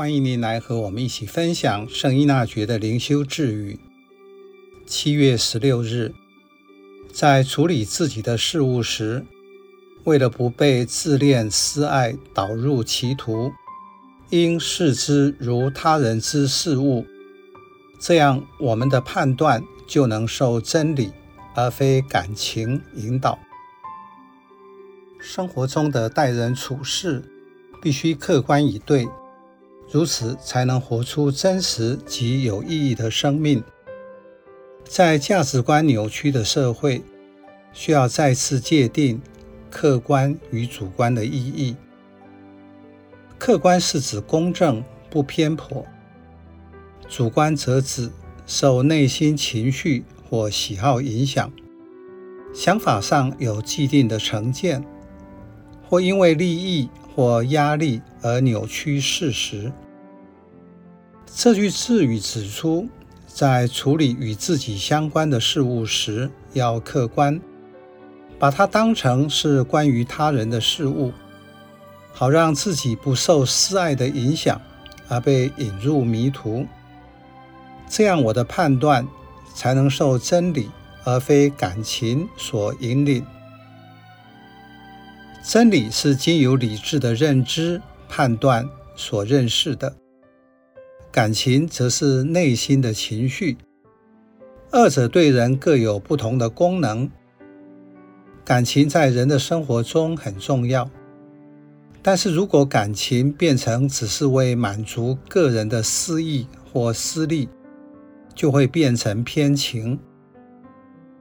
歡迎您來和我們一起分享聖依納爵的靈修智語。七月十六日，在處理自己的事務時，為了不被自戀、私愛導入歧途，應視之如他人之事物。這樣，我們的判斷就能受真理而非感情引導。生活中的待人處事，必須客觀以對。如此，才能活出真實及有意義的生命。在價值觀扭曲的社會，需要再次界定客觀與主觀的意義。客觀是指公正、不偏頗，主觀則指受內心情緒或喜好影響，想法上有既定的成見，或因為利益，或壓力而扭曲事實。這句智語指出，在處理與自己相關的事物時，要客觀，把它當成是關於他人的事物，好讓自己不受私愛的影響而被引入迷途。這樣，我的判斷才能受真理而非感情所引領。真理是經由理智的認知判斷所認識的，感情則是內心的情緒，二者對人各有不同的功能。感情在人的生活中很重要，但是如果感情變成只是為滿足個人的私意或私利，就會變成偏情，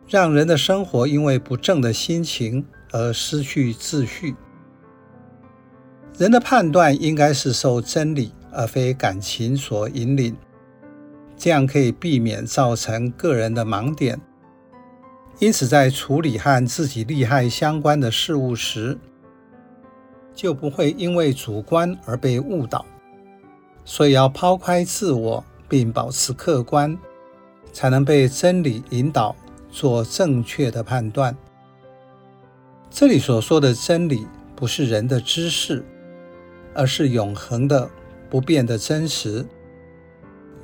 讓人的生活因為不正的心情，而失去秩序。人的判斷應該是受真理而非感情所引領，這樣可以避免造成個人的盲點。因此，在處理和自己利害相關的事物時，就不會因為主觀而被誤導。所以，要拋開自我並保持客觀，才能被真理引導，做正確的判斷。這裡所說的真理不是人的知識，而是永恆的、不變的真實，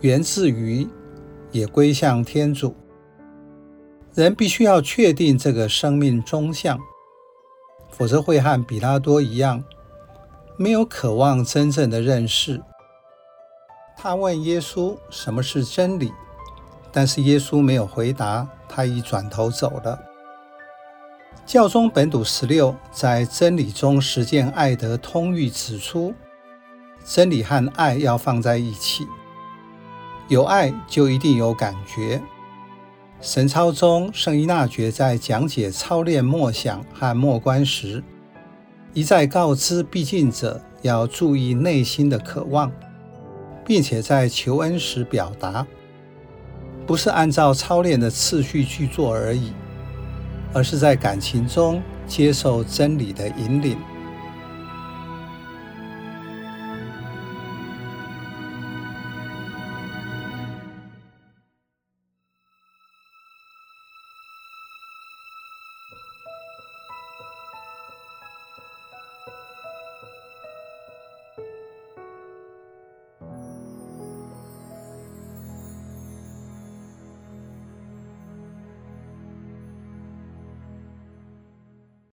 源自於，也歸向天主。人必須要確定這個生命終向，否則會和比拉多一樣，沒有渴望真正的認識。他問耶穌什麼是真理？但是耶穌沒有回答，他已轉頭走了。教宗本篤十六在真理中實踐愛德通諭指出，真理和愛要放在一起。有愛就一定有感覺。神操中聖依納爵在講解操練默想和默觀時，一再告知避靜者要注意內心的渴望，並且在求恩時表達，不是按照操練的次序去做而已。而是在感情中接受真理的引領。